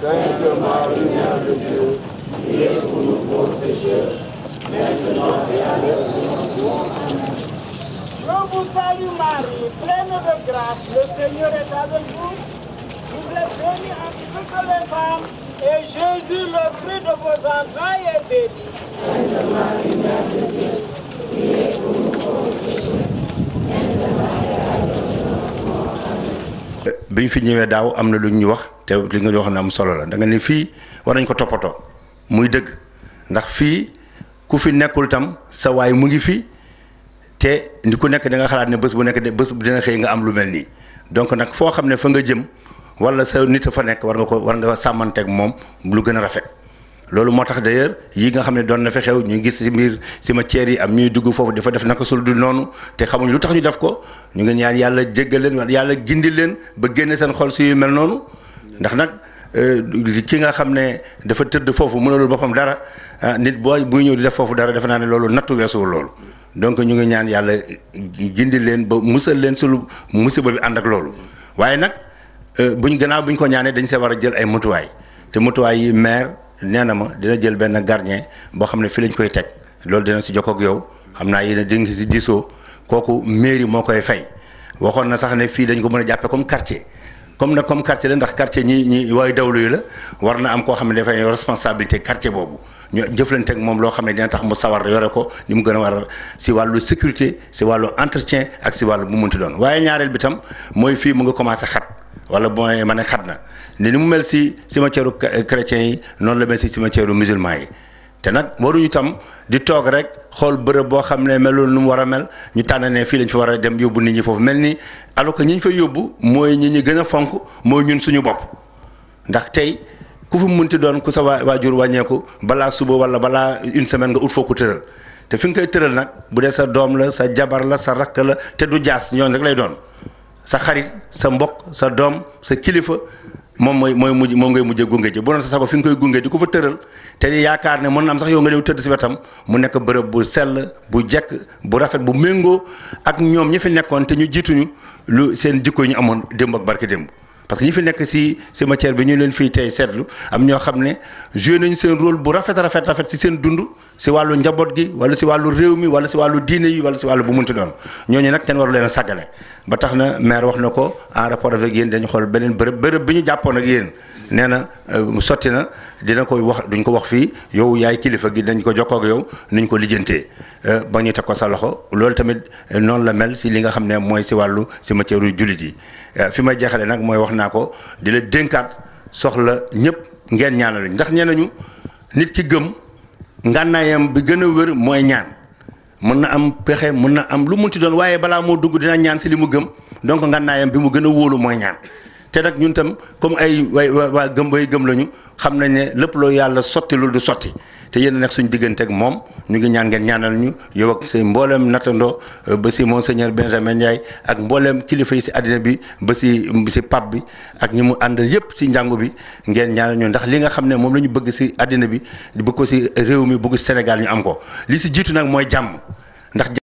Sainte Marie, Mère de Dieu, priez pour nous pauvres pécheurs, maintenant et à l'heure de notre mort. Je vous salue Marie, pleine de grâce, le Seigneur est avec vous. Vous êtes bénie entre toutes les femmes, le Dieu, priez pour nous pauvres pécheurs, maintenant à l'heure de notre mort. Amen. bi fi ñëwee daaw am na lu ñuy wax. te li nga wax ne am solo la danga nga ne fii war nañ ko toppatoo muy dëgg ndax fii ku fi nekkul tam sa waay mu ngi fi te ni ku nekk da nga xalaat ne bés bu nekk de bés dina xëy nga am lu mel nii donc nag foo xam ne fa nga jëm wala sa nit a fa nekk war nga ko war nga sàmmanteeg moom lu gën a rafet. loolu moo tax d'ailleurs yi nga xam ne doon na fi xew ñu gis si mbir cimetière yi am ñuy dugg foofu dafa def naka sul du noonu te xamuñ lu tax ñu def ko ñu ngi ñaan yàlla jéggal leen wala yàlla gindi leen ba génne seen xol su mel noonu. ndax nag euh, ki nga xam ne dafa tëdd foofu mënalul boppam dara ah, nit boo buy ñëw di def foofu dara defe naa ne loolu nattu weesuwul loolu donc ñu ngi ñaan yàlla gindi leen ba musal leen sulu musiba bi ànd ak loolu waaye nag euh, buñ gannaaw buñ ko ñaanee dañ see war a jël ay mutuwaay te mutuwaay yi maire nee na ma dina jël benn gardien boo xam ne fii lañ koy teg loolu dina si jokkoo ak yow xam naa yéen a si diisoo kooku mairie moo koy fay waxoon na sax ne fii dañ ko mën a jàppee comme quartier comme nag comme quartier la ndax quartier ñi ñi waaye dawlu yi la war na am koo xam ne dafay responsabilité quartier boobu ñu jëflante ak moom loo xam ne dina tax mu sawar yore ko ñu mu gën a war si wàllu sécurité si wàllu entretien ak si wàllu bu munti doon waaye ñaareel bitam mooy fii mu nga commencé xat wala bu ma ne xat na ni mu mel si cimetière chrétien yi noonu la mel si cimetière musulman yi te nag waruñu tam di toog rek xool bërëb boo xam ne melul nu mu war a mel ñu tànn ne fii lañ fi war a dem yóbbu nit ñi foofu mel ni alors que ñi ñu fay yóbbu mooy ñi ñu gën a fonk mooy ñun suñu bopp ndax tey ku fi munti doon ku sa waa waajur wàññeeku balaa suba wala balaa une semaine nga ut foo ko tëral te fi nga koy tëral nag bu dee sa doom la sa jabar la sa rakk la te du jaas ñoon rek lay doon sa xarit sa mbokk sa doom sa kilifa moom mooy mooy mujj moom ngay mujjee gunge ji bu doon sa sago fi nga koy gunge di ko fa tëral te yaakaar ne mën na am sax yow nga ñëw tëdd si wetam mu nekk bërëb bu sell bu jekk bu rafet bu méngoo ak ñoom ñi fi nekkoon te ñu jiituñu lu seen jikko ñu amoon démb ak barke démb. parce que ñi fi nekk si cimetière bi ñu leen fii tey seetlu am ñoo xam ne joué nañu seen rôle bu rafet rafet rafet si seen dund si wàllu njaboot gi wala si wàllu réew mi wala si wàllu diine yi wala si wàllu bu munti doon ñooñu nag kenn waru leen a sàggale ba tax na maire wax na ko en rapport avec yéen dañu xool beneen bërëb bërëb bi ñu jàppoon ak yéen nee na euh, sotti na dina koy wax duñ ko wax fii yow yaay kilifa gi dañ ko jokkoo yow nuñ ko lijjantee euh, ba ñu teg ko sa loxo loolu tamit euh, noonu la mel si li nga xam ne mooy si wàllu si matière jullit yi fi ma jeexale nag mooy wax naa ko di la dénkaat soxla ñëpp ngeen ñaanaluñ ndax nee nañu nit ki gëm ngànnaayam bi gën a wér mooy ñaan. mën na am pexe mun na am lu mu ci doon waaye balaa moo dugg dina ñaan si li mu gëm donc ngànnaayam bi mu gën a wóolu mooy ñaan te nag ñun tam comme ay way waa gëm way gëm lañu xam nañ ne lépp loo yàlla sotti lu du sotti te yéen nag suñu digganteek moom ñu ngi ñaan ngeen ñaanal ñu yow ak mbooleem nattandoo euh, ba si monseigneur Benjamin Ndiaye ak mbooleem kilifa yi si àddina bi ba si si pap bi ak ñi mu àndal yëpp si njàngu bi ngeen ñaanal ñu ndax li nga xam ne moom la ñu bëgg si àddina bi bëgg ko si réew mi bugg Sénégal ñu am ko li si jiitu nag mooy jàmm ndax